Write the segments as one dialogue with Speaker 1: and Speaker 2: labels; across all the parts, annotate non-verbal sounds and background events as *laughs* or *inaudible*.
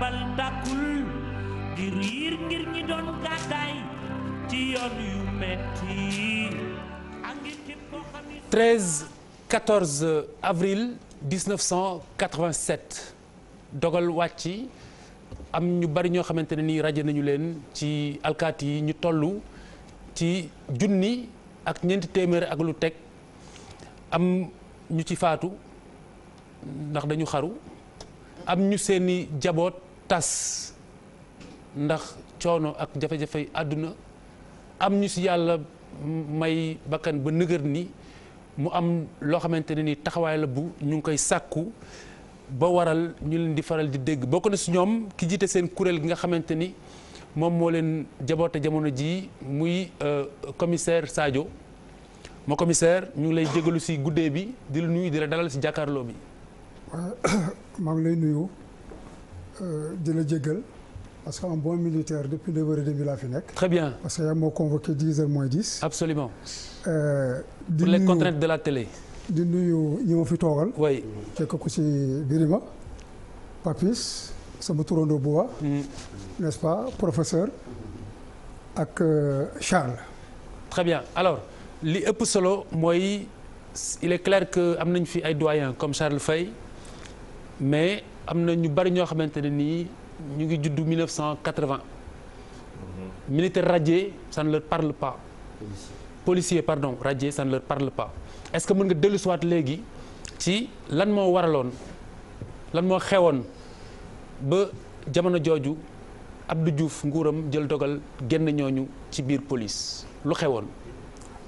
Speaker 1: bal tàkkul ngir yiir ngir ñi doon gàddaay ci
Speaker 2: yoon yu metti
Speaker 1: dogal wàcc am ñu bari ñoo xamante ne nii raje nañu leen ci alkaati yi ñu tollu ci junni ak ñeenti téeméer ak lu teg am ñu ci faatu ndax dañu xaru am ñu seeni jaboot tas ndax coono ak jafe-jafey àdduna am ñu si yàlla may bakkan ba nëgër ni mu am loo xamante ne ni taxawaay la bu ñu ngi koy sàkku ba waral ñu leen di faral di dégg bokk na si ñoom ki jiite seen kuréel gi nga xamante ni moom moo leen jaboote jamono jii muy euh, commissaire Sadio moo commissaire ñu ngi lay jégalu si guddee bi di la nuyu di la dalal si jàkkaarloo bi.
Speaker 3: *coughs* maa lay nuyu. Euh, di la jéggal parce que un bon militaire depuis neuf heures et laa fi nekk. très bien parce que yaa moo convoqué dix heures moins dix. absolument. Euh, di pour les la télé. di nuyu ñi ma fi toogal. oui fekk ko ci Birima. Papis sama turandoo bu baax. Mm. n'est-ce pas professeur. ak euh, Charles.
Speaker 1: très bien alors li ëpp solo mooy il est clair que am nañ fi ay doyens comme Charles Faye mais. am na ñu bari ñoo xamante ne nii ñu ngi juddu cent 1980. Mhm. militaire radié ça ne leur parle pas. policier pardon radié ça ne leur parle pas est-ce que mën nga dellu siwaat léegi ci lan moo waraloon lan moo xewoon ba jamono jooju Abdou Diouf nguuram jël dogal génn ñooñu ci biir police lu xewoon.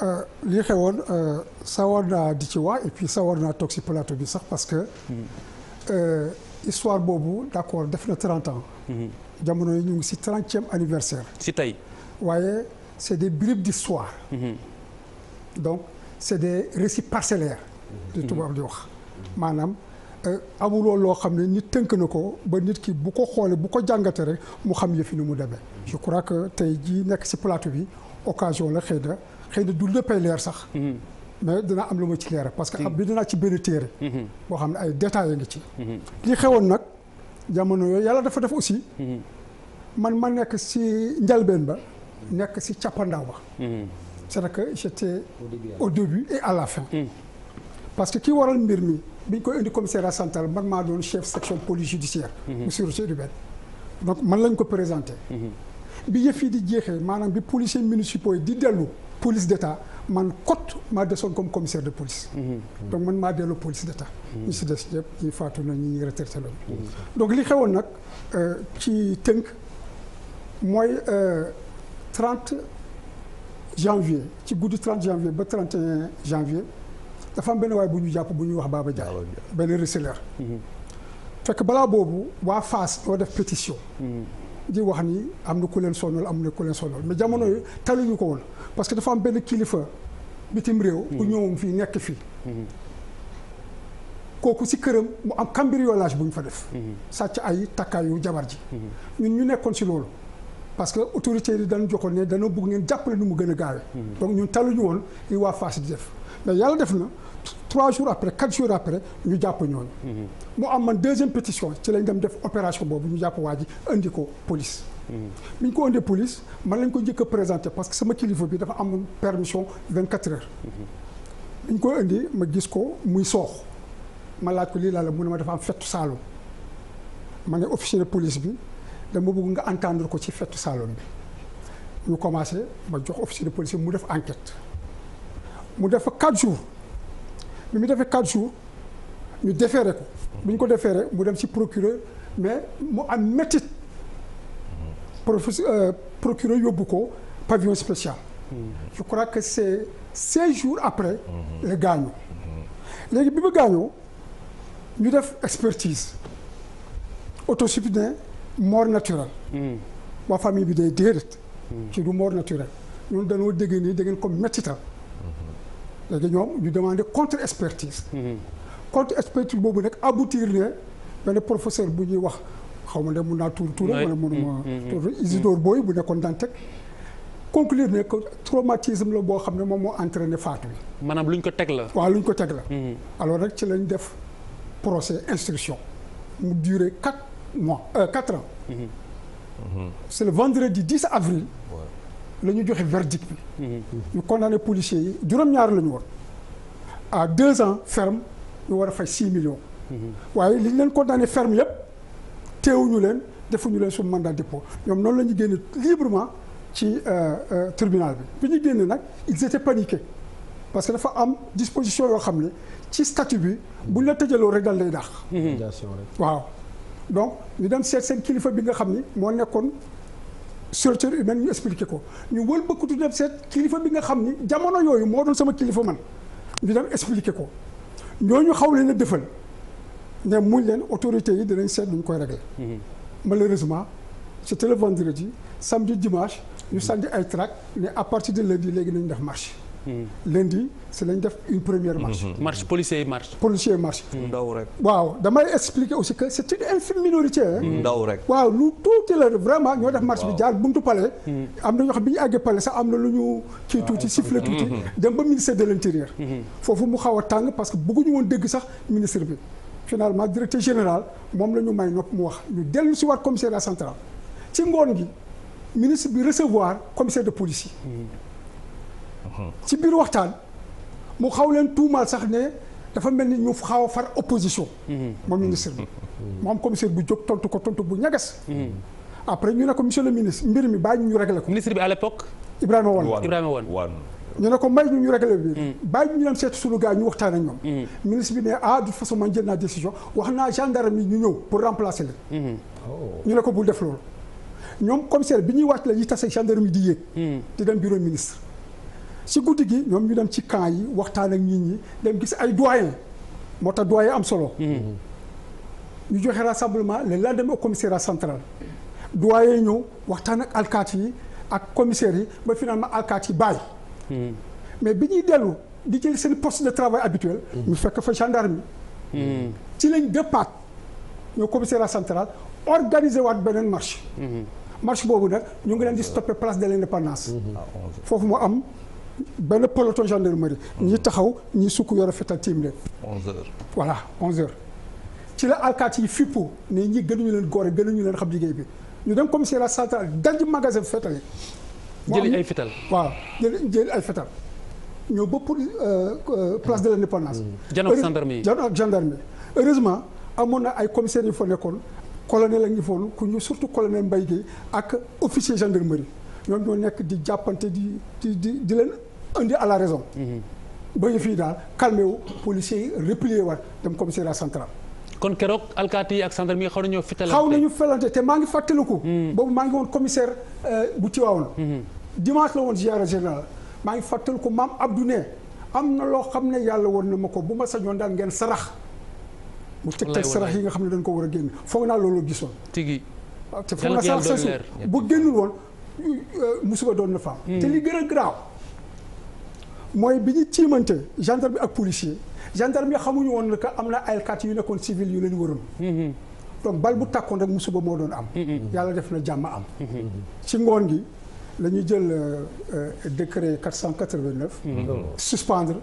Speaker 3: Euh, li xewoon euh, sawar naa di ci waa et puis sawar naa toog ci plateau bi sax parce que. Hmm. Euh, histoire boobu d' accord def na 30 ans. Mhm. jamono yi ñu ngi si 30e anniversaire. si tey. waaye c' est des bribes d' histoire. Mhm. donc c' est des récits parcellaires. di mhm. tubaab di wax maanaam. Euh, amuloo loo xam ne nit tënk na ko ba nit ki bu ko xoolee bu ko jàngatee rek mu xam yëfi ni mu demee. je crois que tey jii nekk si plateau bi occasion la xëy na xëy na du léppay leer sax. mais dina am lu ma ci leeral parce que ab bi dinaa ci benn téere mhm. boo xam ne ay détails ngi ci mhm. li xewoon nag jamono yooyu yàlla dafa def aussi mhm. man ma nekk si njalbeen ba nekk si càppandaw ba c'est-à-dire que j'étais au début et à la fin parce que ki waral mbir mi bi ñu koy indi commissariat central man maa doon chef section police judiciaire mu sûreté urbaine donc man lañ ko présenté bi yëf yi di jeexee maanaam bi policiers municipaux yi di dellu police d'état man kot maa desoon comme commissaire de police. Mhm. Mhm. donc man maa delloo police d' état. Mhm. ñu si des yëpp ñi faatu na ñi retraité loon donc li xewoon nag euh, ci tënk mooy 30 euh, janvier ci guddi 30 janvier ba 31 janvier dafa am benn waay bu ñu jàpp bu ñuy wax Baba Dia. benn receleur. fekk balaa boobu waa fas doo def petition di wax ni am na ku leen sonal am na ku leen sonal mais jamono yi taluñu ko woon. parce que dafa am benn kilifa bitim réew. bu hmm. ñëwoon fii nekk fii. Hmm. kooku si këram mu am cambriolage bu ñu fa def. Hmm. sàcc ay takkaayu jabar ji. ñun ñu nekkoon si loolu. parce que autorité yi dañu joxoon ne dañoo bëgg ngeen jàppale nu mu gën a gaawee. donc ñun taluñu woon li waa Fass di def mais yàlla def na trois jours après quatre jours après ñu jàpp ñooñu. mu am man deuxième pétition ci lañ dem def opération boobu ñu jàpp waa ji indi ko police. bi ñu ko indee police man lañ ko njëkk a présenté parce que sama kilifa bi dafa amoon permission vingt quatre heures. bi ñu ko indi ma gis ko muy soox ma laaj ko lii laa la mu ne ma def am fettu Saloum ma ne officier de police bi dama bugg nga entendre ko ci fettu Saloum bi. ñu commencé ma jox officier de police bi mu def enquête mu def fa quatre jours bi mu defee quatre jours ñu déféré ko bi ñu ko déféré mu dem ci procureur mais mu am métit. professeur euh, procureur yóbbu ko pavillon spécial. je crois que c' est jours après. Mhm. la gaañu. léegi bi mu gaañoo ñu def expertise autopsie ne mort naturelle. Mhm. waa famille bi day déedéet. Mhm. ci du mort naturelle ñun dañoo dégg nii da ngeen ko mettital. léegi ñoom ñu demandé contre expertise. contre expertise boobu nag aboutir ne benn professeur bu ñuy wax. xaw ma ne mun naa tuur tuuram wala mënuma mm-hmm. tuur mm-hmm. Isidore Boy bu nekkoon Dantec conclure ne que traumatisme la boo xam ne moom moo entraîné faatu bi
Speaker 1: maanaam luñ ko teg la
Speaker 3: waaw luñ ko teg la mm-hmm. alors rek ci lañ def procès instruction mu duré quatre mois euh, quatre ans c'est le vendredi 10 avril la ñu joxe verdict bi ñu condamné policiers yi juróom-ñaar la ñu war a deux ans ferme ñu war a fay six millions waaye li leen condamné ferm yëpp teewuñu leen defuñu leen su mandat dépôt ñoom noonu la ñu génne librement ci euh, euh, tribunal bi bi ñu génne nag ils étaient paniqués parce que dafa am disposition yoo xam ne ci statut bi bu buñ la tëjaloo rek dal lay dàq. waaw donc ñu dem seet seen kilifa bi nga xam ni moo nekkoon structure humaine ñu expliqué ko ñu wër wëlbëkkatu dem seet kilifa bi nga xam ni jamono yooyu moo doon sama kilifa man ñu dem expliqué ko ñoo ñu xaw leen a defal. ne muñ leen autorité yi dinañ seet ñu koy régler mhm. malheureusement c'était le vendredi samedi dimanche ñu mhm. sànni ay tract ne à partir de lundi léegi nañu def marche mhm. lundi si lañ def une première marche
Speaker 1: marche policier marche
Speaker 3: policier marche ndaw rek waaw damay expliquer aussi que c'est une infime minorité ndaw rek waaw lu tuuti la vraiment ñoo def marche bi jaar buntu palais am na ñoo xam bi ñu àggee palais sax am na lu ñu kii tuuti ah, sifflet tuuti dem ba ministère de l'intérieur foofu mu xaw a tàng parce que bëgguñu woon dégg sax ministre bi finalement directeur général moom la ñu may nopp mu wax ñu dellu si waat commissariat central ci ngoon gi ministre bi recevoir commissaire de police yi ci biir waxtaan mu xaw leen tuumaal sax ne dafa mel ni ñu xaw a far opposition moom ministre bi mu am commissaire bu jóg tontu ko tontu bu ñagas après ñu ne ko monsieur le ministre mbir mi bàyyi ñu ñu réglé ko ministre bi à l'époque Ibrahima Wane
Speaker 4: Ibrahima Wane
Speaker 3: ñu ne ko may ñu ñu réglé bi mm. bàyyi ñu ñu dem seetu suñu gars ñu waxtaan ak ñoom mm. ministre bi ne ah de façon man jël naa décision wax naa gendarme yi ñu ñëw pour remplacer la mm. ñu ne ko bul def loolu ñoom commissaire bi ñuy wàcc la yi tase gendarme yi di yéeg di dem bureau ministre si guddi gi ñoom ñu dem ci camp yi waxtaan ak nit ñi dem gis ay doyen moo tax doyen am solo ñu joxe rassemblement le lendemain au commissariat central doyen ñëw waxtaan ak alkaati yi ak commissaire yi ba finalement alkaati yi bàyyi Hmm. mais bi ñuy dellu di jël seen poste de travail habituel. Hmm. ñu fekk fa gendarme hmm. ci lañ départ ñu commissariat central organiser waat beneen marche. marche boobu nag ñu ngi leen di stoppé place de l' ah, foofu moo am benn peloton gendarmerie. ñi taxaw ñi sukk yore fetal tiim leen. 11h voilà 11h. ci la alkaati yi fippu ne ñi gënuñu leen góore gënuñu leen xam liggéey bi ñu dem commissariat central daj magasin fetale jëli ay fital waaw jëli jëli ay fital ñoo ba pour euh, place de l' indépendance. Mm. janoog gendarmerie janoog gendarmerie heureusement amoon na ay commissaires yu fa nekkoon colonel ak ñu foon ku ñu surtout colonel mbay Guèye ak officier gendarmerie ñoom ñoo nekk di jàppante di di di di leen indi à la raison. Mm-hmm. ba ñu fii daal calmé wu policiers yi replié waat dem commissariat central.
Speaker 1: kon keroog alkaati yi ak gendarme yi xaw nañoo fitalante xaw
Speaker 3: nañu felante te maa ngi fàttaliku. Mm. boobu maa ngi woon commissaire euh, bu Tivaouane. Mm-hmm. dimanche la woon ziara général maa ngi fàttal ko maam Abdou ne am na loo xam ne yàlla woon na ma ko bu ma sañoon daal ngeen sarax. mu tegtal sarax yi nga xam ne dañ ko war a génn foog naa loolu gisoon. tigi te foog naa sarax sasu bu génnul woon euh, musiba doon na faam. Hmm. te li gën a garaaw mooy bi ñu tiimante gendarme bi ak policier gendarme yi xamuñu woon ne am na ay alkaati yu nekkoon civil yu leen waroon. Hmm. donc bal bu tàkkoon rek musiba moo doon am. Hmm. yàlla def na jàmm am. ci ngoon gi. la ñu jël euh, euh, décret 489. suspendre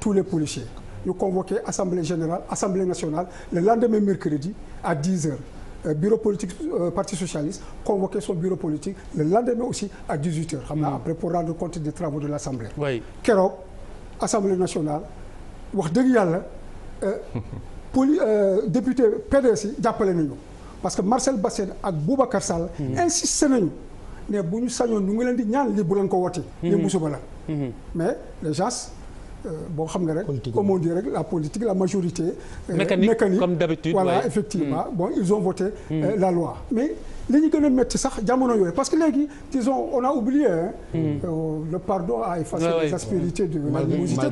Speaker 3: tous les policiers. ñu convoqué assemblée générale assemblée nationale le lendemain mercredi à 10 heures. Euh, bureau politique euh, parti socialiste convoqué son bureau politique la lendemain aussi à 18 xam naa hmm. après pour rendre compte des travaux de l' assemblée. oui keroog assemblée nationale wax dëgg yàlla *laughs* poli député PDS yi jàppale nañu parce que Marcel Bassène ak Boubacar Sall. Hmm. insisté nañu. ne bu ñu sañoon ñu ngi leen di ñaan li bu leen ko woti mhm. li musiba la mhm. mais les gens euh, boo xam na rek comme on dit la politique la majorité euh, mécanique, mécanique comme
Speaker 1: d'habitude voilà ouais. effectivement
Speaker 3: mm. bon ils ont voté euh, mhm. la loi mais li ñu gën sax jamono yooyu parce que léegi disons on a oublié hein, mm. le pardon a effacé ouais, les aspérités de la animosité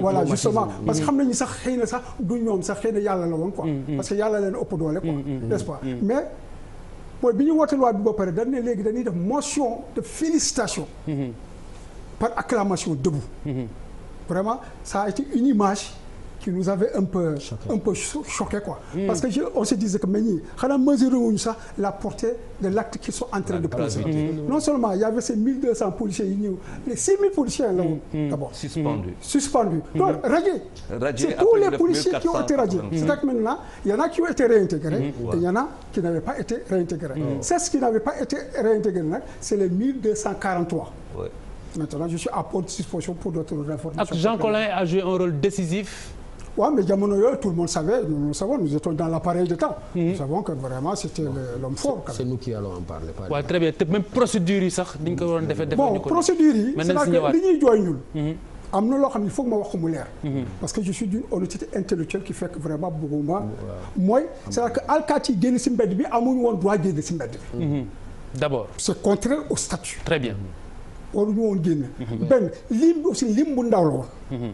Speaker 3: quoi justement parce que xam nañu sax xëy na sax du ñoom sax xëy na yàlla la woon quoi parce que yàlla leen ëpp doole mooy bi ñu woote loi ba pare dañ ne léegi dañuy def motion de félicitation mm-hmm. par acclamation debout. Mm-hmm. vraiment ça a été une qui nous avait un peu choqué. un peu choqué quoi mm. parce que je, on se disait que mais ñii xanaa mesuré wuñu sax la portée de l'acte qu'ils sont en de poser hmm. non seulement il y avait ces 1200 policiers yi ñëw suspendu donc radié c'est tous les policiers qui ont été radiés cest à qui ont hmm. pas été réintégrés hmm. c'est ce qui n'avait pas été réintégré c'est les maintenant je suis à votre pour d'autres informations. Jean Collin
Speaker 1: a joué un rôle décisif
Speaker 3: waaw mais jamono yooyu tout le monde savait nous le savons nous étions dans l'appareil d'État. Mhm. nous savons que vraiment c'était l'homme fort. c'est nous qui allons en parler.
Speaker 1: waaw très bien te même procédure yi sax. ni ñu ko waroon defee defee ñu ko bon procédure yi. c'est que li
Speaker 3: ñuy jooy ñun. Mhm. am na loo xam ne il faut que ma wax ko mu leer. Mhm. parce que je suis d'une honnêteté intellectuelle qui fait que vraiment bëgguma. mooy c'est-à-dire que alkaati génn ci mbedd bi amuñu woon droit génn ci mbedd bi. d'abord. c'est contraire au statut. très bien. waruñu woon génn. benn lim aussi lim bu ndaw la woon.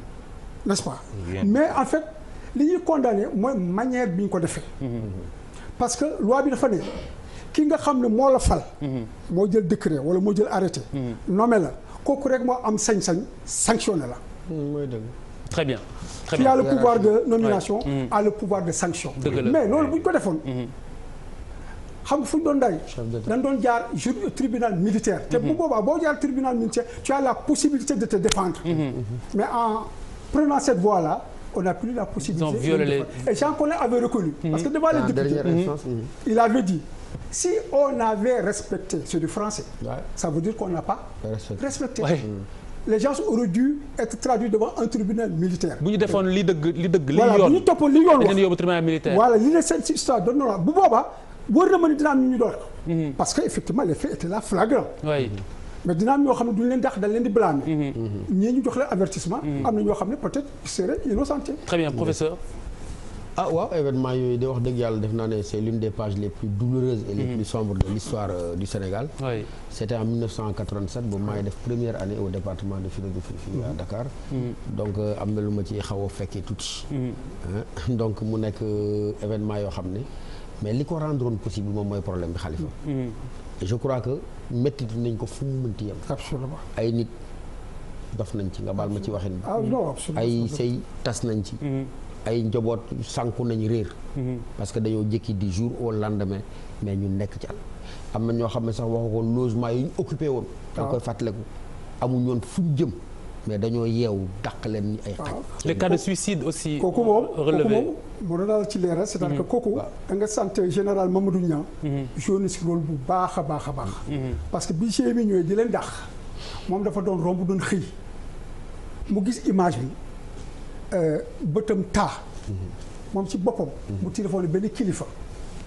Speaker 3: n'est-ce pas Bien. mais en fait li ñuy condamné mooy manière bi ñu ko defee parce que loi bi dafa ne ki nga xam ne moo la fal moo jël décret wala moo jël arrêté nommé la kooku rek moo am sañ-sañ sanctionné la mooy dëgg
Speaker 5: très bien
Speaker 1: très bien qui a le pouvoir de
Speaker 3: nomination ouais. a pouvoir de sanction mais loolu bu ñu ko defoon xam nga fu ñu doon day dañ doon jaar jour tribunal militaire te bu boobaa boo jaar tribunal militaire tu as la possibilité de te défendre mais en prenant cette voie-là on n'a plus la possibilité. et Jean Collin avait reconnu. Mhm. parce que devant les députés. Mhm. il avait dit. si on avait respecté ceux du français. Ouais. ça dire qu'on n'a pas. respecté ouais. Mhm. les gens auraient dû être devant un tribunal militaire. bu ñu defoon li dëgg li dëgg. li yoon bu ñu toppoon li yoon wax yóbbu tribunal militaire. parce que effectivement les faits étaient là flagrants. mais dina am xam ne duñ leen dàq dañ leen di blâmer. Mm-hmm. ñii ñu jox leen avertissement. Mm-hmm. am na ñoo xam ne peut-être seraient très bien professeur.
Speaker 5: ah waaw événement yooyu de wax dëgg yàlla def naa ne c'est l'une des pages les plus douloureuses et les mm-hmm. plus sombres de l'histoire euh, du Sénégal oui. en bu maay def première année au département de philosophie fii à Dakar donc euh, am na lu ma ci xaw a fekkee tuuti donc mu nekk euh, événement yoo xam ne mais li ko rendroon possible moom mooy problème bi Khalifa métti nañ ko fu mu mënti yem. absolument ay nit dof nañ ci nga baal ma ci waxin. ah non ay sëy tas nañ ci. Mm-hmm. ay njaboot sànku nañ réer. Mm-hmm. parce que dañoo jëkki di jour au lendemain mais ñu nekk ci am na ñoo xam ne sax waxu ko logement yi ñu occupé woon. Ah. da koy fàttaliku amuñu woon fu ñu jëm. mais dañoo yeewu dàq leen ay xaj. les cas de suicide aussi. Euh, kooku moom relevé
Speaker 3: kooku moom daal ci leeral mhm. c'est-à-dire que kooku. da nga sant général Mamadou Niang. joué na si rôle bu baax a baax a baax. Mhm. parce que bi GMI ñëwee di leen dàq moom dafa doon romb doon xëy mu gis image bi euh, bëtam taa. Mhm. moom ci boppam. mu téléphoné benn kilifa.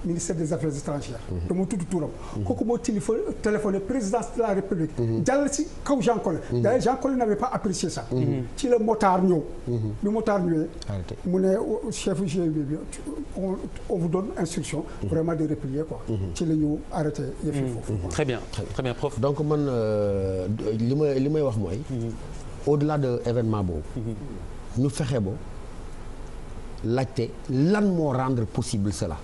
Speaker 3: ministère des affaires étrangères dama mhm. tudd turam mhm. kooku moo tilifa téléphoné présidence de la république mhm. jàll si kaw Jean Collin d'ailleurs Jean Collin n'avait pas apprécié ça ci la motard ñëw bi motard ñëwee mu ne oh, oh, chef GIE bi on vous donne instruction vraiment de réplier ko ci la ñu arrêté yëf yi
Speaker 5: foofu très bien très man euh, li may li may wax mooy au-delà de événement boobu ñu fexe ba laajte lan moo rendre possible cela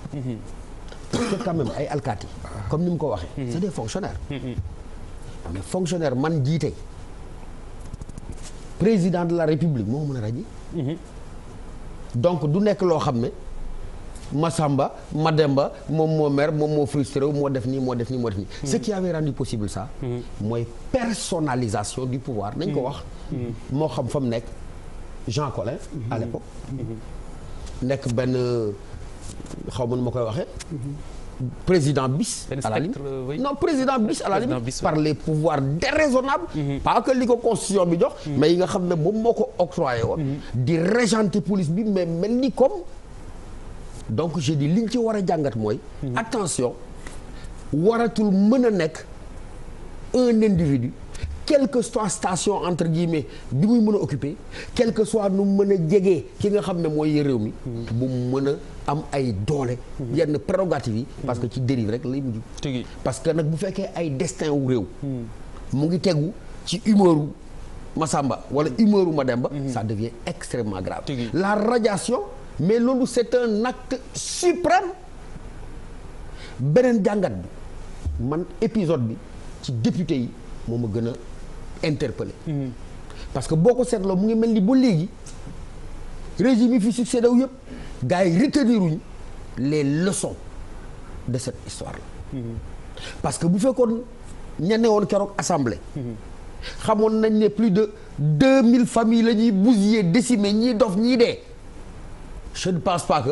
Speaker 5: parce que ay alkaati comme ni mu ko waxee. c'est des fonctionnaires. mais man jiite président de la république moom mën ne ràññi. donc du nekk loo xam ne Massamba Mademba moom moo mer moom moo frustré moo def nii moo def nii moo def nii. ce qui avait rendu possible ça. mooy personnalisation du pouvoir nañ ko wax. moo xam fa mu nekk Jean Collin. à l'époque nekk benn. xaw ma nu ma koy waxee. président bis. à la limite président bis à la limite par les pouvoirs déraisonnables. Mm-hmm. pas que li ko constitution bi jox. Mm-hmm. mais yi nga xam ne moom moo ko octroyé woon. Mm-hmm. di régenter police bi mais mel ni comme. donc j'ai li ñu ci war a jàngat mooy. attention waratul mën a nekk un individu. quelle que soit station entre guillemets bi muy mën a occuper quelque que soit nu mën a jege ki nga xam ne mooy réew mi. bu mën a. am ay doole. yenn prérogative yi. parce que ci dérive rek lay mujj. parce que nag bu fekkee ay destin wu réew. Hmm. mu ngi tegu ci humeuru Masamba wala hmm. humeuru Mademba. sa hmm. devient extrêmement grave. la radiation mais loolu c'est un acte suprême beneen jàngat bi man épisode bi ci député yi moom ma gën a interpellé. parce que boo ko seetloo mu ngi mel ni ba léegi. régime yi fi succédé wu yëpp gars yi les leçons de cette histoire là. parce que bu fekkoon ña ne woon keroog assemblée. xamoon nañ ne plus de deux mille famille lañuy ñuy bousiller décimé ñii dof ñii dee. je ne pense pas que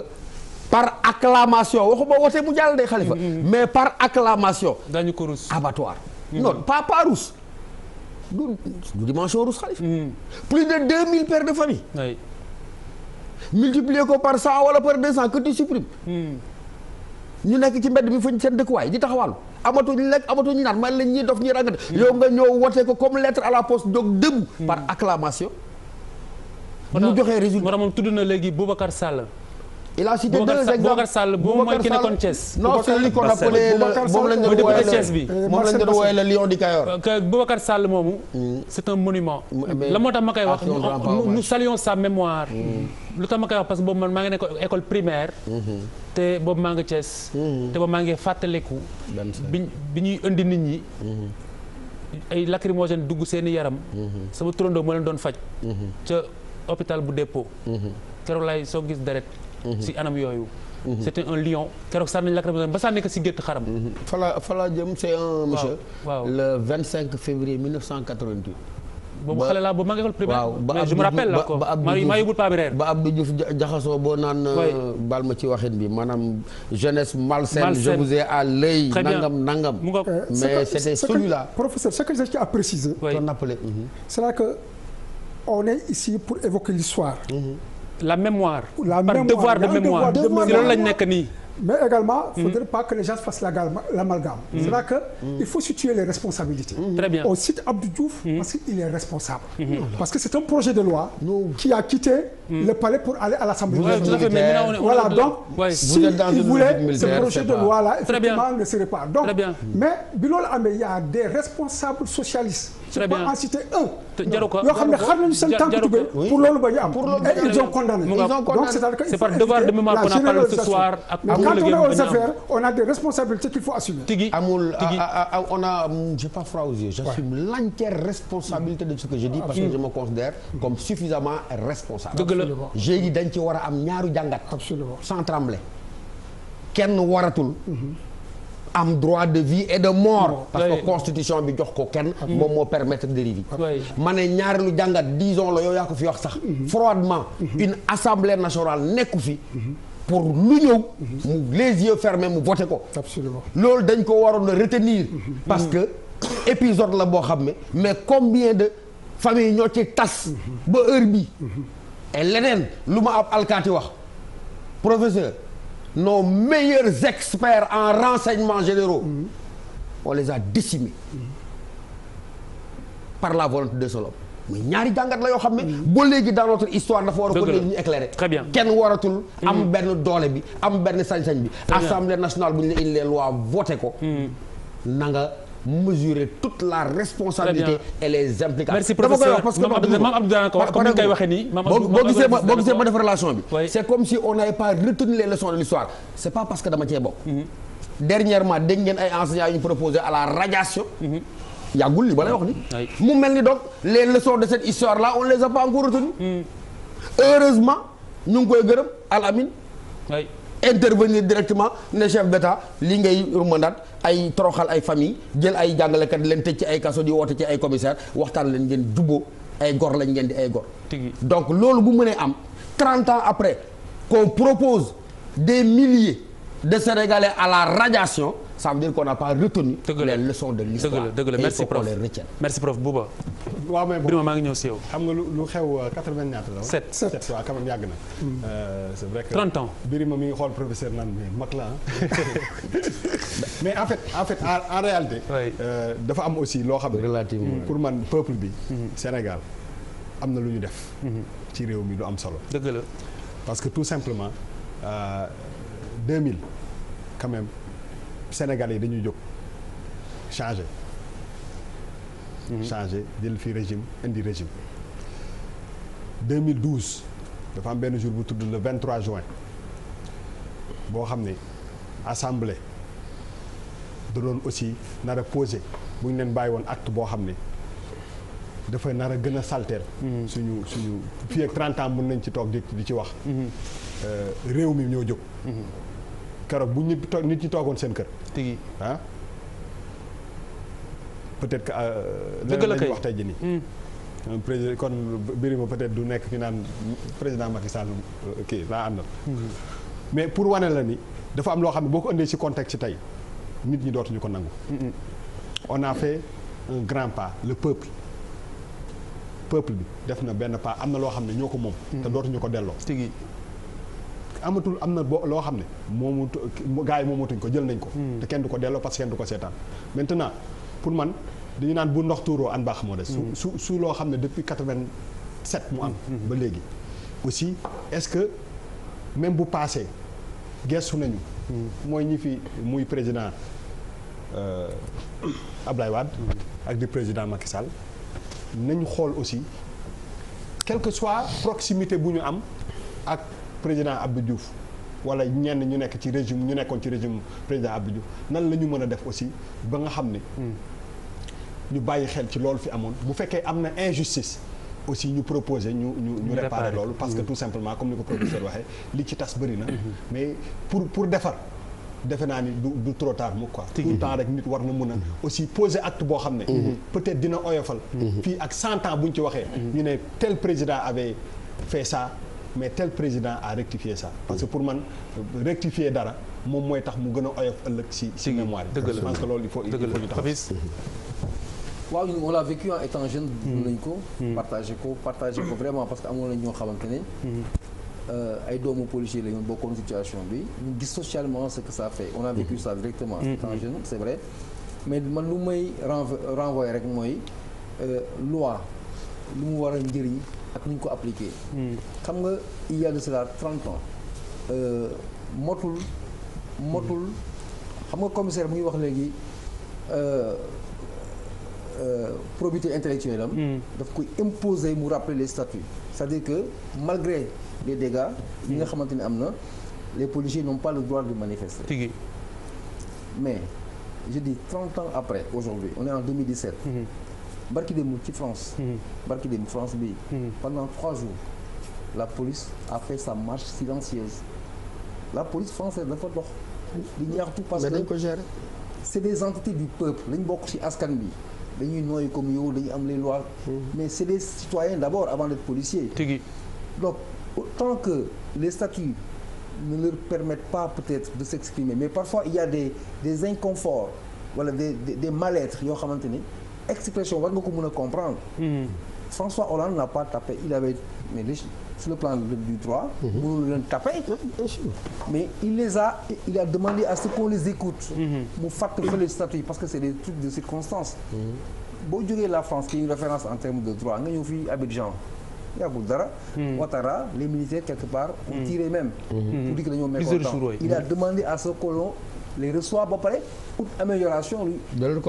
Speaker 5: par acclamation waxuma wote mu jàll de xalifa mm-hmm. mais par acclamation. dañu ko rus abattoir. Mm-hmm. non pas pas du dimension rus xalifa. Mm-hmm. plus de deux mille pères de famille. multiplier ko par cent wala par deux cent que tu supprimes. Hmm. ñu nekk ci mbedd mi fuñ seen dëkkuwaay di taxawal amatuñu lekk amatuñu naat man lañ ñuy dof ñuy ràngate. Hmm. yow nga ñëw wote ko comme lettre à la poste donc debout. Hmm. par acclamation. mu joxee résultat.
Speaker 1: maanaam tudd na léegi Boubacar Sall.
Speaker 5: il a cité deux exemples boobu euh,
Speaker 1: que Boubacar Sall moomu. Hmm. c'est
Speaker 5: la moo tax ma koy wax nous
Speaker 1: saluons sa hmm. lu tax ma parce que boobu man maa ngi ko école primaire. Hmm. te boobu maa ngi Thiès. te boobu maa ngi fàttaleeku bi bi ñuy indi nit ñi. ay lacrymogène dugg seeni yaram. sama turandoo moo leen doon faj. ca hôpital bu dépôt. keroog laay soo gis deret. Mhm. si anam yooyu. Mhm. c'était un lion keroog sànni la lacrymogène ba sànni ko si gétt xaram. Mhm.
Speaker 5: fala fala jëm c'est un monsieur. waaw le 25 février 1988. ba je bi reer jaxasoo boo naan. Euh, baal ma ci waxin bi maanaam jeunesse malsaine. je vous ai à l'œil nangam nangam. Euh, mais c'était celui-là.
Speaker 3: professeur ce que j'ai à préciser. oui qu'on c'est là que on est ici pour évoquer l'histoire la mémoire. la mémoire par devoir de mémoire si loolu lañ nekk nii. mais également. il hmm. ne faudrait pas que les gens fassent la l'amalgame. Hmm. c'est-à-dire que hmm. il faut situer les responsabilités. très bien on cite Abdou Diouf. parce qu'il est responsable. parce que c'est un projet de loi. qui a quitté. le palais pour aller à l'Assemblée nationale. voilà donc. si il voulait ce projet de loi là effectivement ne serait pas donc. mais bi loolu amee il y a des responsables socialistes. très bien en un. jaru ko xam ne xar nañu seen tànk tubéy pour loolu ba ñu am. pour loolu ba ñu am et ils ont condamné. donc cest à par devoir de mémoire qu'on mais quand on est aux on a des responsabilités qu'il faut assumer. tigi
Speaker 5: amul on a j'ai pas froid j'assume l'entière responsabilité de ce que je dis. parce que je me considère comme suffisamment responsable. dëgg la dañ ci war a am ñaaru jàngat. absolument sans trembler kenn waratul. Mm-hmm. am droit de vie et de mort. parce que constitution bi jox ko kenn. Mm. moom moo permettre dérive yi. ma ne ñaareelu jàngat disons la yow yaa ko fi wax sax. Mm-hmm. froidement. Mm-hmm. une assemblée nationale nekku fi. Mm-hmm. pour lu ñëw mu les yeux fermés mu voté ko loolu dañ ko waroon a retenir parce que épisode la boo xam ne mais combien de famille ñoo ci tas ba heure bi leneen lu ma ab alkaati wax professeur nos meilleurs experts en renseignements généraux mm -hmm. on les a décimés par la volonté de solo homme ñaari jàngat la yoo xam ne boo léegi dans notre histoire dafa war a ko léegi ñu éclairer très kenn waratul am mm. benn doole bi am benn sañ-sañ bi assemblée nationale bu ñu la indi les lois voté ko mm. nanga mesurer toute la responsabilité et les implications. dama koy wax parce que maam Abdou daan ko wax comme ni nga koy waxee nii. boo gisee ma def relation bi. c'est comme si on n'avait pas retenu les leçons de l'histoire c'est pas parce que dama cee bokk. Mhm. dernièrement dégg ay enseignants yu ñu proposé à la radiation. Mhm. yàggul li ba lay wax ni. mu mel ni donc les leçons de cette histoire là on les a pas encore retenues. Mhm. heureusement ñu ngi koy gërëm Al Amin. intervenir directement ne chef d'État li ngay ay toroxal ay famille jël ay jàngalekat leen tëj ci ay kaso di woote ci ay commissaire waxtaan leen ngeen jubbo ay gor lañ ngeen di ay gor. donc loolu bu mënee am 30 ans après qu'on propose des milliers de Sénégalais à la radiation. ça veut dire qu'on n'a pas retenu les leçons de
Speaker 6: l'histoire dëgg la merci prof
Speaker 5: merci prof Bouba
Speaker 6: waaw mais Birima maa ngi ñëw si yow xam nga lu xew 80 euh, ñaata la 7 7 waaw quand même yàgg na mm. euh, c'est vrai que 30 ans Birima mi ngi xool professeur naan mais mag la *laughs* mais en fait en fait en réalité euh, dafa am aussi loo xam ne relativement pour man peuple bi mm-hmm. Sénégal am na lu ñu def mm-hmm. ci réew mi lu am solo dëgg la parce que tout simplement 2000 quand sénégal yi dañuy jóg changé. Mhm. changé jël fi régime indi régime. 2012 dafa am benn jour bu tudd le 23 juin boo xam ne assemblée da doon aussi nar a posé bu leen bàyyi woon acte boo xam ne dafa nar gën a salteel mhm. suñu suñu fii ak 30 ans nañ ci toog di di ci wax. Mhm. Euh, réew mi ñoo jóg. keroog bu ñu nit ñi toogoon seen kër. tigi ah peut-être que. Euh, dëgg la kay wax tey jii nii. Hmm. Euh, président kon Birima peut-être du nekk fi naan président Macky Sall euh, kii laa àndal. Hmm. mais pour wane la ni dafa am loo xam ne boo ko si ci si tey nit ñi dootuñu ko nangu. Hmm, on a fait un grand pas le peuple. peuple bi def na benn pas am na loo xam ne ñoo ko moom. te dootuñu ko delloo. amatul am na boo loo xam ne moomu gars yi moomatuñ ko jël nañ ko. Hmm. te kenn du ko delloo parce que kenn du ko seetaan maintenant pour man dañu naan bu ndox tuuroo an baax moo des. Hmm. su su su loo xam ne depuis quatre-vingt-sept mu am. Hmm. ba léegi aussi est-ce que même bu passé gestu nañu. mooy ñi fi muy président euh, Ablaye Wade. ak di président Macky Sall nañu xool aussi quelque que proximité bu ñu am ak. président Abdou Diouf wala ñenn ñu nekk ci régime ñu nekkoon ci régime président Abdou Diouf nan la ñu mën a def aussi ba nga xam ni. Hmm. ñu bàyyi xel ci loolu fi amoon bu fekkee am na injustice. aussi ñu proposer ñu ñu ñu réparer loolu parce que hmm. tout simplement comme ni ko professeur waxee li ci tas bëri na hmm. mais pour pour defar defe naa ni du du trop tard mu quoi tout le temps rek nit war na mun a aussi poser acte boo xam ne peut-être dina oyofal fii ak cent ans bu ñu ci waxee ñu ne tel président avait fait ça mais tel président a rectifié ça parce que pour man rectifier dara moom mooy tax mu gën a oyof ëllëg si si mémoire yi je pense que loolu il faut waaw ñun on l'a vécu en hmm. nañ ko hmm.
Speaker 7: partagé ko partagé ko vraiment parce que amoon nañ ñoo xamante ne hmm. euh, ay doomu policier la ñu bokkoon situation bi ñu gis socialement ce que saa fait on a vécu ça directement en étant jeune c'est vrai mais man lu may renvoyer rek mooy euh, loi lu mu war a njëriñ ak ni ñu ko appliqué. Hmm. xam nga il y a de cela trente ans euh, motul motul xam nga commissaire mu ngi wax léegi euh, euh, probité intellectuelle am. Hmm. daf koy imposer mu rappeler le statuts c'est-à-dire que malgré les dégâts. yi nga hmm. xamante ne am na les policiers n'ont pas le droit de manifester. tigi mais je dis trente ans après aujourd'hui on est en barki démb ci France. Hmm. barki démb France bi. Hmm. pendant trois jours la police a fait sa marche silencieuse la police française dafa dox. di ñaxtu parce que mais dañ ko gérer. c' des entités du peuple lañ bokk ci askan bi dañuy nooyu comme yow dañuy am les lois. Hmm. mais c' des citoyens d' abord avant d' être policier. tigi donc autant que les statuts ne leur permettent pas peut-être de s'exprimer mais parfois il y a des des inconforts wala voilà, des des, des mal-être yoo xamante ni. expression war nga ko mën a comprendre. Hmm. François Hollande n'a pas tapé il avait mais les, sur le plan du droit. Hmm. mënul leen tapé. mais il les a il a demandé à ce qu'on les écoute. Hmm. mu fàtt fa les statuts parce que c'est des trucs de circonstance. boo jógee la France qui est une référence en termes de droit nga ñëw fii Abidjan. yàggul dara. Ouattara les militaires quelque part. ont tiré même. pour dire que dañoo mettre il a demandé à ce que l'on les reçoit ba pare pour amélioration lu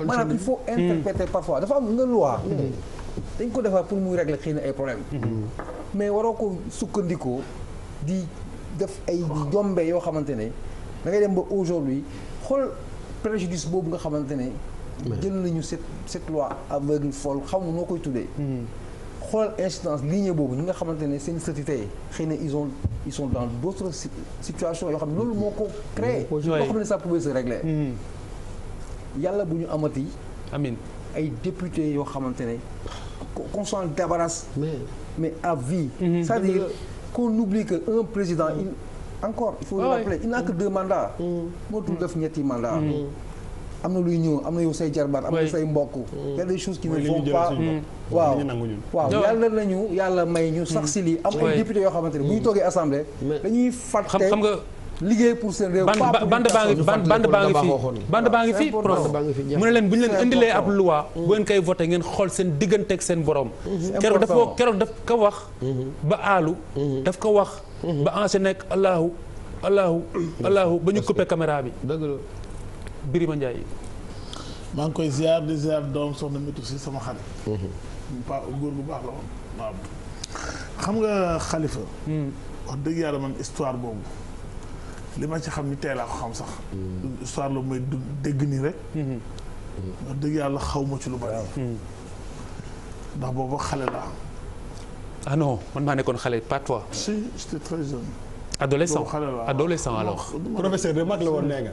Speaker 7: maanaam il faut hmm. interpréter parfois dafa am nga loi hmm. dañ ko defar pour muy régler xëy na ay problème hmm. mais waroo ko sukkandikoo di def ay jombe yoo xamante ne da ngay dem ba aujourd'hui xool préjudice boobu nga xamante ne jël nañu cette cette loi aveugle folle xamu noo koy tuddee xoolal incidence lignée boobu ñi nga xamante ne seen sëti tey xëy na ils ont ils sont dans d' situations yoo xam ne loolu moo ko créé loo xam ne ça pouvait se régler hmm. yàlla bu ñu amati amiin ay député yoo xamante ne qu'on s'en débarrasse mais à vie hmm, hmm. c'est-à-dire qu'on oublie que un président il encore il faut le ah rappeler il n'a que deux mandats moo dul def mandats am na luy ñëw am na yow say jarbaat am na say mbokk mm. y a des choses qui ne font pas mm. waaw waaw yàlla nañu yàlla may ñu sax mm. si li am ay député yoo xamante ne bu ñu toogee assemblée dañuy fàtte xam nga liggéey pour seen réew bande baa ngi bande baa ngi fi bande baa ngi fi prof
Speaker 1: mu ne leen bu ñu leen indilee ab loi bu ngeen koy voté ngeen xool seen diggante ak seen borom keroog mm-hmm. dafa keroog daf ka wax mm-hmm. ba aalu mm-hmm. daf ko wax ba ancien nekk allahu allahu allahu ba ñu coupé caméra bi Birima Ndiaye.
Speaker 2: maa ngi koy ziar di ziar doom soxna métu si sama xarit. Mm-hmm. pa góor bu baax la woon xam nga xalifa mm. wax dëgg yàlla man histoire boobu li ma ci xam ni tey laa ko xam sax. Mm. histoire la mooy du dégg nii rek. Mm-hmm. Mm. wax dëgg yàlla xaw ma ci lu bari. ndax boobu xale la ah non
Speaker 1: man maa nekkoon xale pas toi.
Speaker 2: si j'étais très jeune.
Speaker 1: adolescent adolescent alors.
Speaker 6: mag la woon nee nga.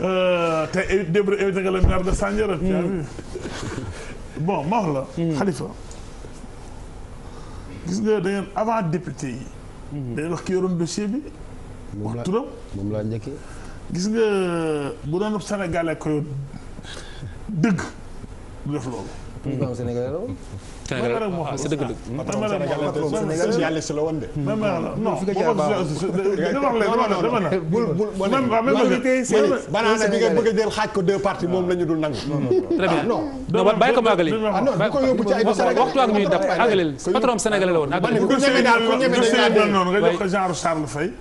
Speaker 2: Euh, te démb évité nga le maire de Sandiara. Mm. bon ma wax la. Mm. Khalifa gis nga da ngeen avant député yi. Mm-hmm. dañuy wax ki yoroon dossier bi.
Speaker 5: wax turam moom laa njëkkee.
Speaker 2: gis nga bu doon Sénégalais ko yoon dëgg du def loolu.
Speaker 1: c'est dëgg
Speaker 2: dëgg yàlliste
Speaker 6: la woon de même non fi nga jaar baax banaana bi nga bëgg a jël xaaj ko deux parties moom la ñu dul nangu très bien non bàyyi ko mu àggale bu ko yóbbu ci ay waxtu ak ñuy dab àggaleel
Speaker 1: patron sénégalais la woon ku ñeme daal ku ñeme daal noonu nga jox ko
Speaker 2: genre Charles Faye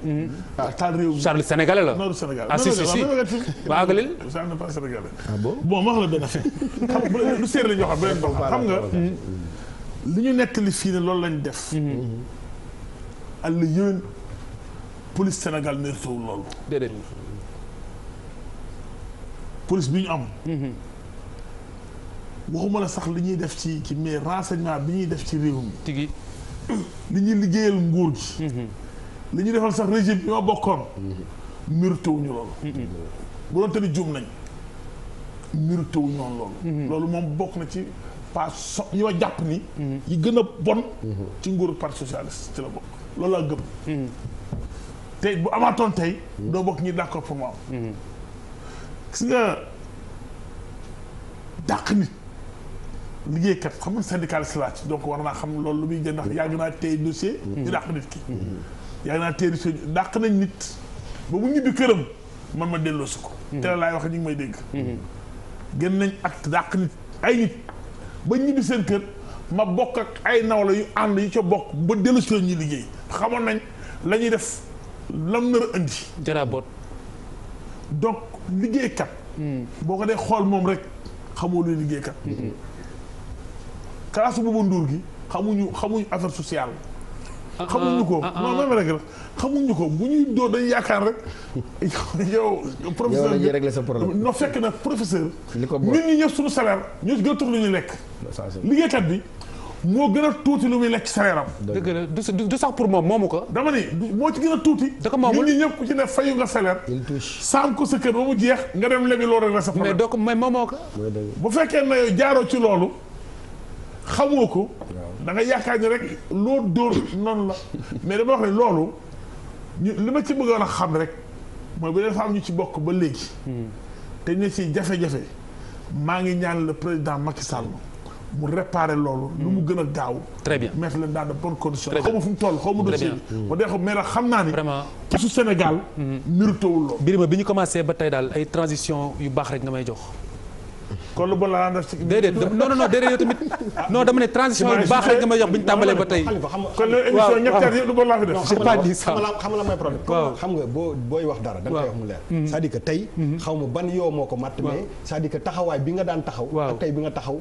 Speaker 2: taal réew Charles sénégalais la non sénégalais ah si si si ba àggaleel Charles n'est pas sénégalais bon ma wax la benn affaire xam nga li ñu nettali fii ne loolu lañ def àll mhm. yéen police Sénégal méritewul loolu déedéet police bi ñu am mhm. waxuma la sax li ñuy def ci ci mais renseignement bi ñuy def ci réew mi tigi li ñuy liggéeyal nguur gi mhm. li ñuy defal sax régime bi ma bokkoon méritewuñu loolu bu doon te ni nañ méritewuñu woon loolu loolu moom bokk na ci waa so ñi ma jàpp ni yi gën a bon ci nguur parti socialiste ci la bokk loolu laa gëm tey bu amaatoon tey doo bokk ñi d'accord pour mu am gis nga dàq nit liggéeykat xam nga syndicaliste laa ci donc war naa xam loolu lu muy jënd ndax yàgg naa tey dossier ñu dàq nit ki yàgg naa tey dossier dàq nañ nit ba mu ñibbi këram man ma delloosi ko te laay wax ñu ngi may dégg gën nañ ak dàq nit ay nit ba ñibbi seen kër ma bokk ak ay nawla yu ànd yu ca bokk ba dellu si ñu liggéey xamoon nañ lañuy def lam nar a indi. donc liggéeykat. Hmm. boo ko dee xool moom rek xamoo luy liggéeykat. Hmm. classe boobu nduur gi xamuñu xamuñu affaire sociale. xamuñu ko ah, ah, non ah. non rek la xamuñu ko bu ñuy doo dañuy yaakaar rek *laughs* yow. professeur yow régler sa problème no fekk na professeur. li ko nit ñi ñëpp suñu salaire ñoo ci gën bi moo gën a tuuti lu muy lekk salaire am. dëgg la du sax pour moom moomu ko. dama ni moo ci gën a tuuti. da ko moomul nit ñi ñëpp ku ci ne fayu nga salaire. saam ko sa kër ba mu jeex nga dem lebi loolu rek la sa problème. mais doo ko mais moomoo ko. bu fekkee ne yow jaaroo ci loolu xamoo ko. da nga yaakaar ni rek loo dóor noonu la mais dama wax ne loolu ñu li ma ci bëggoon a xam rek mooy bu dee fa am ñu ci bokk ba léegi. te ñu ci jafe-jafe maa ngi ñaan la président Macky Sall mu réparer loolu. lu mu gën a gaaw. très bien mettre leen dans de bonnes ma fu mu toll xaw ma dossier bi. ba dee xam mais nag xam naa ni. vraiment su Sénégal. Mm-hmm. méritewul loolu. mbir ma bi ñu commencé
Speaker 1: ba tey daal ay transition yu baax rek nga may jox.
Speaker 2: kon lu bon la daan def ci. déedéet non non déedéet yow tamit ah. non dama ne
Speaker 6: transition yu baax rek nga may jox bi ñu tàmbalee ba tey. kon loolu émission ñetti at yëpp lu bon laa fi def. c'est pas dit ça xam nga la mooy problème. xam nga boo booy wax dara. da nga koy wax mu leer. Mm. c'est-à-dire que tey. Mm. xaw ma ban yoo moo ko matt. mais c'est-à-dire que taxawaay bi nga daan taxaw. ak tey bi nga taxaw.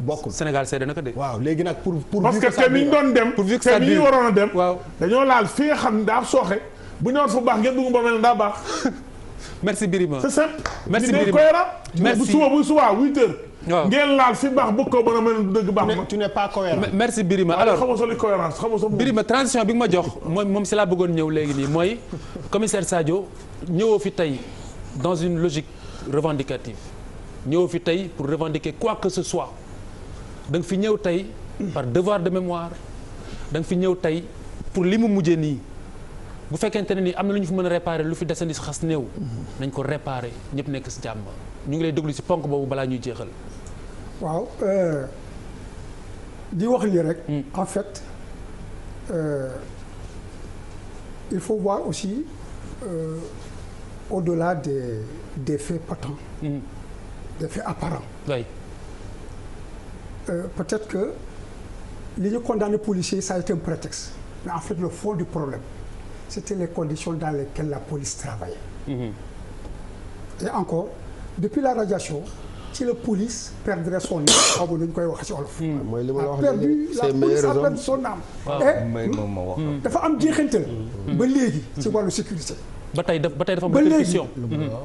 Speaker 1: bokkul Sénégal seede na ko de. waaw léegi nag pour pour. parce que thème yi ñu doon dem. pour vu que thème yi ñu
Speaker 6: waroon a dem.
Speaker 2: waaw dañoo laal fi nga xam daa sooxe bu ñëwoon fu baax ngeen dugg ba mel daa baax *laughs* merci Birima. c'est simple. merci Birima merci bu suba bu suba 8 heures. waaw ngeen laal fi baax bëgg ko mën a mel dëgg baax ma. tu n'es pas cohérent. merci Birima alors Birima
Speaker 1: transition bi ma jox moom si laa bëggoon ñëw léegi nii mooy commissaire Sadio ñëwoo fi tey dans une logique revendicative ñëwoo fi tey pour revendiquer quoi que ce soit da nga fi ñëw tey par devoir de mémoire da nga fi ñëw tey
Speaker 3: pour li mu mujje nii.
Speaker 1: bu fekkente ne nii am na lu ñu fi mën a réparer lu fi desandi si xas néew. nañ ko réparer ñëpp nekk si jàmm ñu ngi lay déglu si ponk boobu balaa ñuy jeexal.
Speaker 3: waaw euh, di wax lii rek. Hmm. en fait euh, il faut voir aussi euh, au-delà des des faits patents. Mmh. des faits apparents. oui. Euh, peut-être que li ñu condamné policier ça a été un mais en fait le fond du problème. c'était les conditions dans lesquelles la police travaillait.
Speaker 1: Mmh.
Speaker 3: Et encore depuis la radiation ci la police perdrait son âme *coughs* xaw ma nu koy wax ci olof. Hmm. mooy li ma la wax léegi c'est meilleur la police a
Speaker 4: ah, hmm.
Speaker 3: dafa am jeexintal. Hmm. ba léegi ci wàllu sécurité.
Speaker 1: ba tey dafa ba tey dafa am répercussion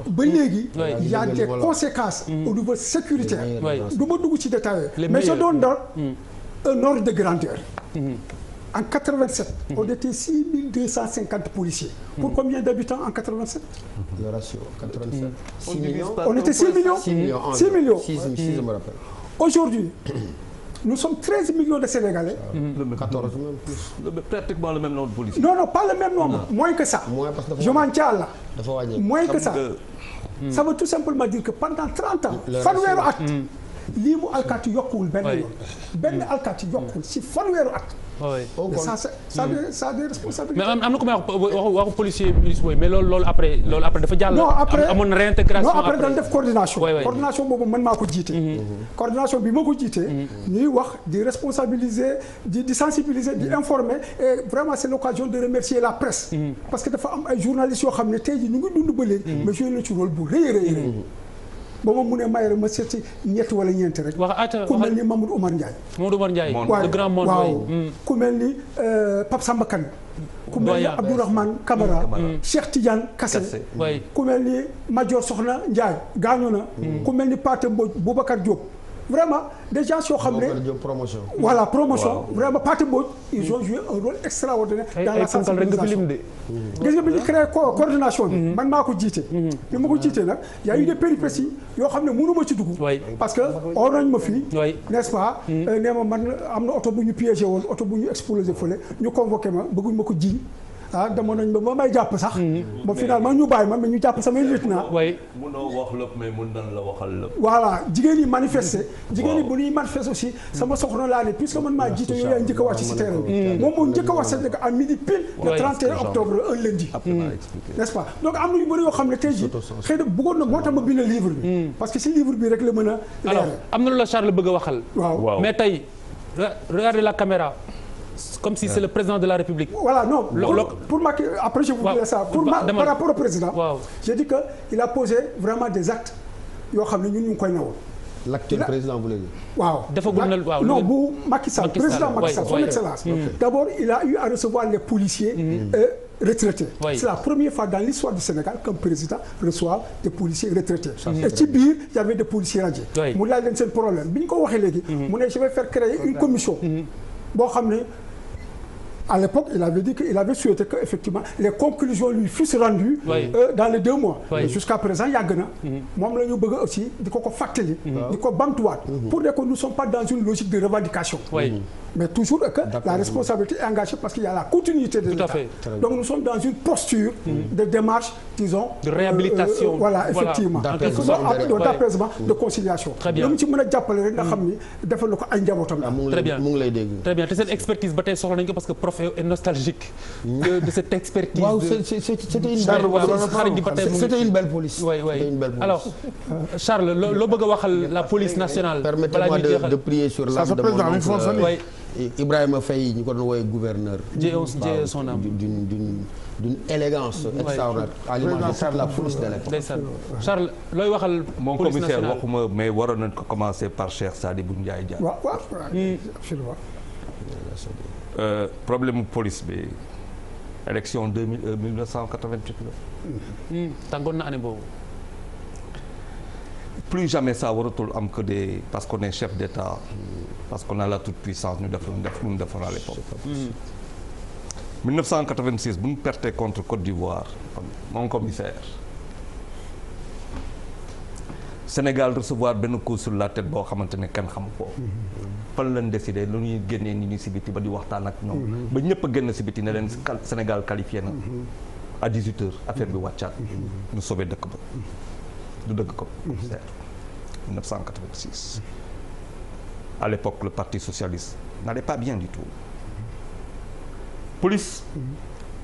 Speaker 3: ba léegi ba léegi y a des conséquences. au niveau sécuritaire. du ma dugg ci détail mais je donne dans un ordre de grandeur. en 87. Mmh. on était 6250 policiers. pour mmh. combien d'habitants en 87. le ratio 87. 6 mmh. on était 6 millions. 6 millions *coughs* aujourd'hui nous sommes millions de Sénégalais. non non pas le même nombre. moins que ça. moins parce que dafa moins que ça. ça veut tout simplement dire que pendant 30 ans. fanweeru at. lii mu alkaati yokkuwul benn yoon. benn alkaati yokkuwul si fanweeru at. oui au contraire ça hmm. ça ça a des responsabilités. mais am
Speaker 1: na ku may wax waxu policier municipal mais loolu loolu après loolu après dafa jàll. non amoon na réintégration après dañ
Speaker 3: coordination. coordination boobu mën maa ko jiite. Mm-hmm. coordination bi ma ko jiite. Mm-hmm. ñuy wax di responsabiliser di di sensibiliser di mm-hmm. informer et vraiment c' est l' de remercier la presse. parce que dafa am ay journalistes yoo xam ne tey jii ñu ngi dund ba léegi. mais joué na ba ma munee may rek ma seet si ñett wala ñeent rek. wax ata hmm. ku mel ni Mamadou Oumar Ndiaye.
Speaker 1: Mamadou Oumar Ndiaye. le grand monde waaw
Speaker 3: ku mel ni Pape Samba Kane. ku mel ni Abdourahmane Kamara hmm. Cheikh Tidiane Kassé ku mel ni Major Soxna Ndiaye gaañu na. Hmm. ku mel ni Pathé Mbodj Boubacar Diop. vraiment des gens yoo xam ne promotion. voilà promotion vraiment Pathé Mbodj. ils ont joué un rôle extraordinaire. dans la sensibilisation gis nga bi ñu créé coordination bi. Mm-hmm. man maa ko jiite. Mm-hmm. bi ma ko jiite nag y a eu yoo xam ne mënu ma ci dugg. parce que oo nañ ma fii. n'est-ce pas. Mm-hmm. Euh, man am na oto bu ñu piégé woon oto bu ñu explosé fële ñu convoqué ma bëgguñ ma ko jiiñ. ah demoon nañ ba ba may jàpp sax. Mm-hmm. ba finalement ñu bàyyi ma mais ñu jàpp samay nit naa.
Speaker 4: waaye munoo wax lépp la
Speaker 3: jigéen yi manifester. Mm-hmm. jigéen bu ñuy manifester aussi. sama soxna laa ne puisque man maa jiite yooyu yaa njëkk a wàcc si terrain bi. moom moo njëkk a wàcc seen mm-hmm. am na yu bëri yoo xam ne tey jii. xëy na bëggoon na moo tax ma bind livre bi. Mm. parce que si livre bi rek la mën a. alors
Speaker 1: am na lu la Charles bëgg a waxal. waaw mais tey regardez la caméra comme si c'est le président de la République.
Speaker 3: voilà par rapport au président. waaw je que il a posé vraiment des actes yoo xam ne ñun ñu ngi
Speaker 5: vous l'avez dit. président
Speaker 3: Macky d'abord il a eu à recevoir les policiers. Mm. retraités. c'est la première fois dans l'histoire du Sénégal qu'un président reçoit des policiers retraités. et ci biir des policiers radiés. mu laaj leen seen problème bi ñu ko waxee léegi. Mm-hmm. mu ne je vais faire créer une mm-hmm. commission. Mm-hmm. à l'époque il avait dit que effectivement les conclusions lui fussent rendues euh, dans les deux mois jusqu'à présent yàgg na mhm. moom la ñu bëgg aussi di ko ko fàttali mhm. di ko bantuwaat mhm. pour dire que sommes pas dans une logique de revendication mais toujours que la responsabilité est engagée parce qu'il y a la continuité de l'État donc nous sommes dans une posture de démarche disons de réhabilitation euh, euh, de conciliation lu mu ci nga xam
Speaker 1: ni defal profet et nostalgique. de, cette expertise. waaw une belle police c' était une Charles loo bëgg a waxal la police nationale. balaa ñuy de prier sur l'âme de mon
Speaker 5: euh, Ibrahima Faye ñu ko doon woowee gouverneur. Dieu ait son âme d'une élégance extraordinaire à la police de l'époque. Charles looy waxal. mon
Speaker 1: commissaire waxuma
Speaker 4: mais waroon nañ ko commencer par Cheikh Sadibou Ndiaye Dia. waaw
Speaker 1: waaw
Speaker 4: Euh, problème mu police bi élection deux mille euh, mille neuf cent quatre-vingt-huit hmm, na année boobu. plus jamais ça waratul am que des parce qu'on est chef d'État parce qu'on a la toute puissance ñu def lu ñu defoon à l'époque. 1986 hmm. bu ñu perte contre Côte d'Ivoire mon commissaire Sénégal recevoir benn coup sur la tête boo xamante ne kenn xam ko. Hmm. fan lañ décidé lu ñuy génnee nit ñi si biti ba di waxtaan ak ñoom. Mm-hmm. ba ñëpp a génn si biti ne leen Sénégal qualifié na. Mm-hmm. à 18 heures affaire bi mm-hmm. wàccaat. ñu sauvé dëkk ba. du dëgg ko. commissaire 1986. à l'époque le partie socialiste n'allait pas bien du tout. police.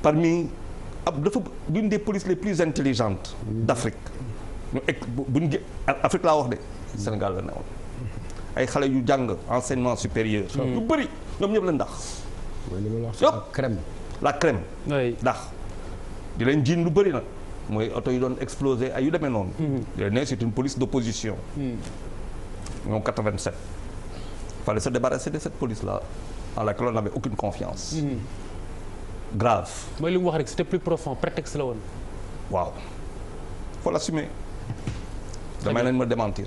Speaker 4: parmi ab dafa l'une des polices les plus intelligentes. d'Afrique ñu egg buñ Afrique laa wax de. Sénégal la newoon. ay xale yu jàng enseignement supérieur. Hmm. yu bëri ñoom ñëpp la ndax. mooy li ma la wax la crème. la crème. ndax di leen jiin lu bëri nag mooy oto yu doon explosé ay yu demee noonu. léegi hmm. nag c'est une police d'opposition. Hmm. ñoom 87. fallait se débarrasser de cette police là à laquelle on n'avait aucune confiance. grave.
Speaker 1: mooy li mu wax rek c'était plus profond prétexte la woon.
Speaker 4: waaw faut l'assumer. damay leen ma démentir.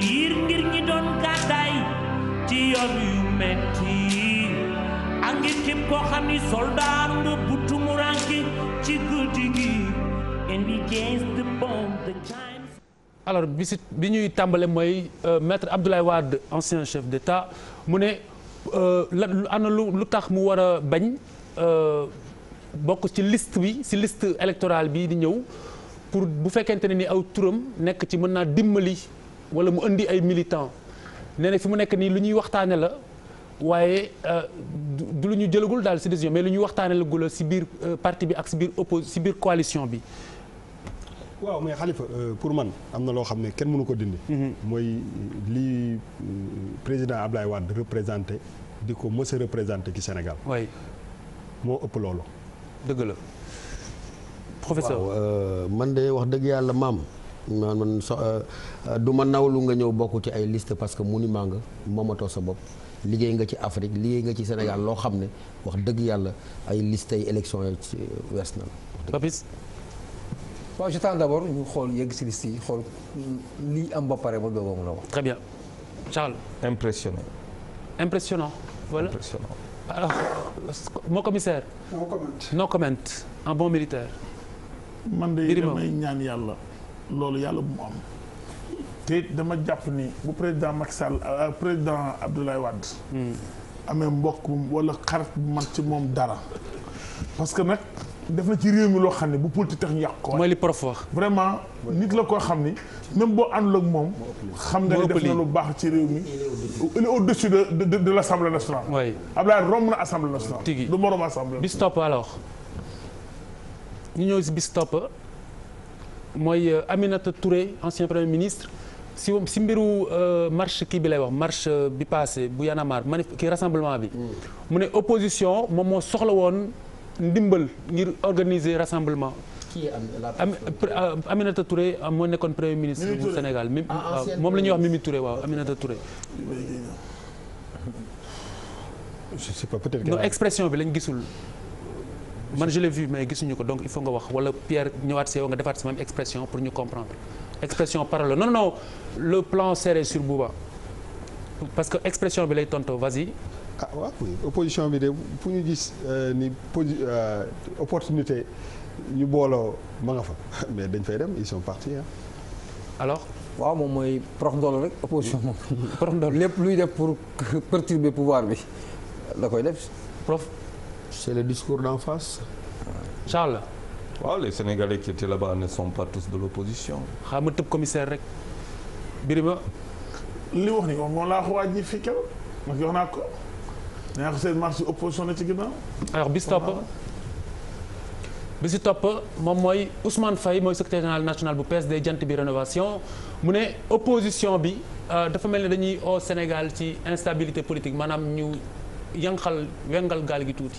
Speaker 1: liir ngir
Speaker 2: ñi doon gàddaay ci yoon yu metti ak ngir képp koo xam ni soldaar nga bu tumuranke ci guddi gi and against the bomb
Speaker 1: bisit bi ñuy tàmbale mooy euh, maître Abdoulaye Wade ancien chef d'État mu ne euh, la ana lu tax mu war a bañ euh, bokk ci list bi ci list électorale bi di ñëw pour bu fekkente ne ni aw turam nekk ci mën naa dimbali wala mu indi ay militants nee fi mu nekk nii lu ñuy waxtaane la waaye euh, du lu ñu jëlagul daal si décision mais lu ñuy waxtaane la gula si biir euh, parti bi ak si biir oppo si biir coalition bi.
Speaker 6: waaw mais Khalifa euh, pour man am na loo xam ne kenn mënu ko dindi. Mhm. mooy li président Ablaye Wade représenté di ko mës a ci Sénégal. waay moo ëpp loolu.
Speaker 4: dëgg la professeur.
Speaker 5: man de wax dëgg yàlla maam. man man so uh, uh, du ma nawlu nga ñëw bokk ci ay liste parce que mu monument nga moomatoo sa bopp liggéey nga ci Afrique liggéey nga ci Sénégal loo xam ne wax dëgg yàlla ay liste ay élection yi ci uh, wees na la.
Speaker 7: Papis. waaw xool yegg si liste yi xool lii am ba pare a mun a wax. très bien Charles. impressionnant. impressionnant
Speaker 2: voilà impressionnant. alors euh, commissaire. no comment un bon militaire. man de damay ñaan yàlla. loolu yàlla bu mu am te dama jàpp ni bu président Macky Sall euh, président Abdoulaye Wade hmm. amee mbokk walla xarit bu mag ci moom dara parce que nag def na ci réew mi loo xam ne bu politique tax ñu yàq ko mooy li prof wax vraiment nit la koo xam ni même boo àndul ak moom xam nga ne def na lu baax ci réew mi il est au-dessus de de de l'Assemblée nationale Abdoulaye romb na Assemblée nationale du moroom Assemblée bis
Speaker 1: topp alors
Speaker 2: ñu ñëw si bis topp
Speaker 1: mooy euh, Aminata Touré ancien premier ministre si si mbiru euh, march kii bi lay wax marche euh, bi passé bu Y'en a marre manif ki rassemblement bi. Mm. mu ne opposition moom moo soxla woon ndimbal ngir organiser rassemblement. kii Aminata Touré moo nekkoon premier ministre. bu Sénégal mi ah, moom la ñuy wax mi Touré waaw Aminata Touré.
Speaker 6: je sais pas peut-être. non
Speaker 1: expression bi lañ gisul. man je l'ai vu mais gisuñu ko donc il faut nga wax wala Pierre ñëwaat at yow nga defaat si même expression pour ñu comprendre expression parole non non le plan serré sur Bouba parce que expression bi lay tonto vasi y
Speaker 6: ah waaw oui opposition bi de pour ñu gis euh, ni euh, opportunité ñu booloo ma nga fa *laughs* mais dañ fay dem ils sont partis ah.
Speaker 7: alors. waaw moom mooy prox ndool rek opposition moom. *laughs* prox lépp luy def pour perturber pouvoir bi la koy def
Speaker 4: c'est le discours d'en face. Charles. waaw les Sénégalais qui étaient là-bas ne sont pas tous de l'opposition. xaaral ma tëb commissaire rek. Birima. li
Speaker 2: wax ni moom laa ko waaj fii keroog ndax jox naa ko. nee
Speaker 1: topp bi si topp moom mooy Ousmane fay mooy secrétaire national bu pes de jant bi rénovation mu ne opposition bi euh, dafa mel ni dañuy au Sénégal ci instabilité politique maanaam ñu yanqal wengal gaal gi tuuti.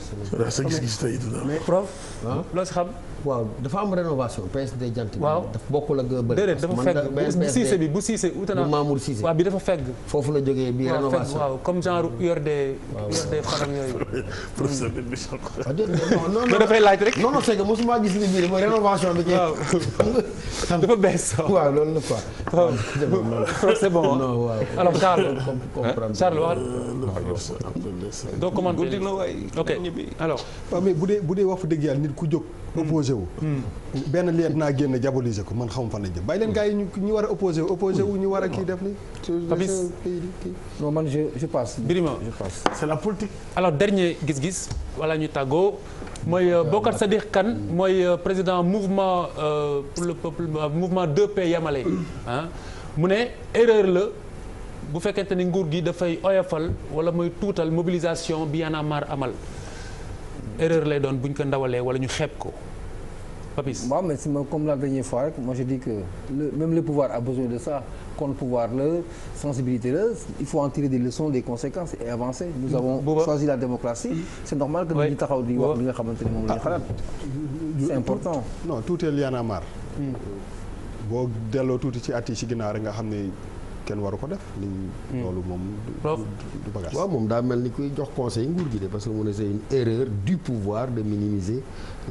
Speaker 2: ndax sa gis-gis tey du la. mais prof.
Speaker 5: loo si xam. waaw dafa am rénovation PSD jant bi. waaw dafa bokkul ak euh, bëri.
Speaker 1: dafa fekk foofu la jógee bi rénovation waaw comme genre URD. waaw URD faram yooyu. *laughs* professeur bi bi ah, non non
Speaker 5: non waaw *laughs* dafa bees. waaw loolu
Speaker 4: la ok. bi. alors waaw mais bu dee bu dee
Speaker 6: wax fa dëgg yàlla nit ku jóg. Hmm. opposé wu. Hmm. benn leet naa génn diaboliser ko man xam fan la jëm bàyyi leen gars yi ñu war a opposé wu ñu war a kii def li Papis non je je passe. Birima je passe c'est la politique.
Speaker 1: dernier gis-gis wala ñuy tàggoo. mooy sa Sadiq kan mooy euh, président mouvement euh, pour le peuple euh, mouvement 2P Yamalé ah mu ne erreur la bu fekkente ni nguur gi dafay oyofal wala mooy tuutal mobilisation bi Y'en a marre amal. erreur lay doon buñ ko ndawalee wala ñu xeeb ko
Speaker 7: Papis. waaw mais comme la dernière fois rek moo je dis que le, même le pouvoir a besoin de ça compte pouvoir la sensibilité la il faut en tirer des leçons des conséquences et avancer. nous avons Bouba. choisi la démocratie. c'est normal que ñu taxaw di wax li nga xamante ni moom la
Speaker 6: ñu ah. c'est important. non tout est lié à hmm. boo delloo tuuti ci at yi ci ginnaaw rek nga xam ne. kenn waru ko def liñ hmm. loolu moom du bagage waaw moom daa mel ni kuy jox conseil nguur gi de parce que mu ne c'est une erreur du pouvoir de minimiser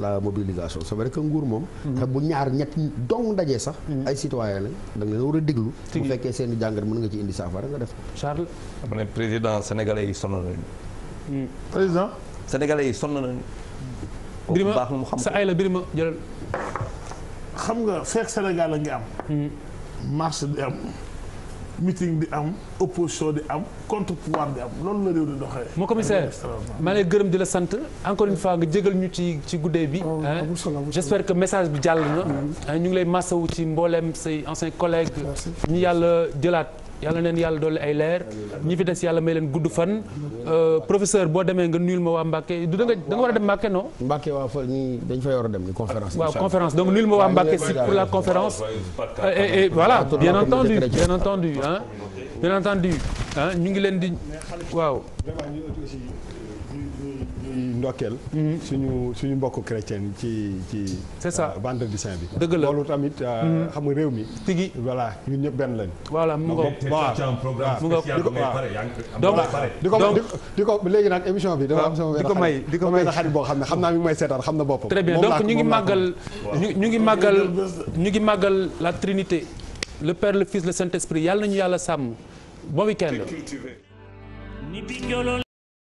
Speaker 5: la mobilisation c'est vrai que nguur moom hmm. te bu ñaar ñett dong dajee sax hmm. ay citoyen da nga war a déglu bu fekkee seen jàngat mën nga ci indi saafara nga def Charles
Speaker 4: dama ne président sénégalais yi sonn nañu président sénégalais yi sonn nañu birima xam sa ay la birima jëlal xam nga fekk Sénégal la ngi am
Speaker 2: marche di am meeting di am opposition di am contre pouvoir di am loolu la réew di doxee. mon commissaire maa lay gërëm di la sant encore une fois nga jégal ñu ci
Speaker 1: ci guddee bi. Oh, j'espère que message bi jàll na. ñu ngi lay massawu ci mbooleem say anciens collègues. ñu yàlla jëlaat. yàlla neen yàlla dolli ay leer ñi fi des yàlla may leen gudd fan euh, professeur boo demee nga nuyul moo waa Mbacke du da war a dem Mbacke non Mbacke waa
Speaker 5: fa ñi dañ fay war a dem ni conférence waaw conférence donc nuyul ma waa Mbacke si pour la conférence
Speaker 1: euh, et voilà bien entendu bien entendu ah bien entendu ñu ngi leen di
Speaker 6: waaw ndokkeel. Mhm. suñu suñu mbokk chrétien ci ci. c'est ça euh, vendredi saint bi. dëgg la loolu tamit euh, mhm. xam nga réew mi. tigi voilà ñun ñëpp benn lañ. voilà mu ngoog mu ngoog donc donc di ko léegi nag émission bi. dafa am sama benn xarit di ko may xarit boo xam ne xam naa mi may seetaan xam na boppam. très bien donc ñu ngi màggal ñu ngi maggal
Speaker 1: ñu ngi la Trinité le Père le Fils le Saint-Esprit yàlla nañu yàlla sàmm bon week